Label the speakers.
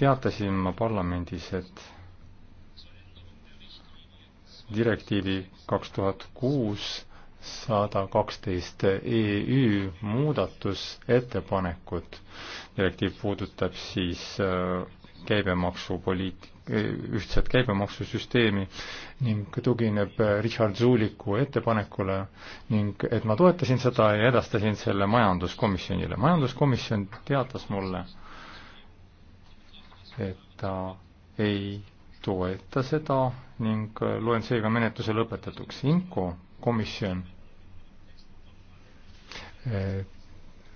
Speaker 1: teatasin ma parlamendis, et direktiivi kaks tuhat kuus sada kaksteist EÜ muudatusettepanekut. direktiiv puudutab siis äh, käibemaksupoliit-, äh, ühtset käibemaksusüsteemi ning tugineb Richard Zuliku ettepanekule ning et ma toetasin seda ja edastasin selle majanduskomisjonile. majanduskomisjon teatas mulle, et ta ei toeta seda ning loen seega menetluse lõpetatuks. Inko komisjon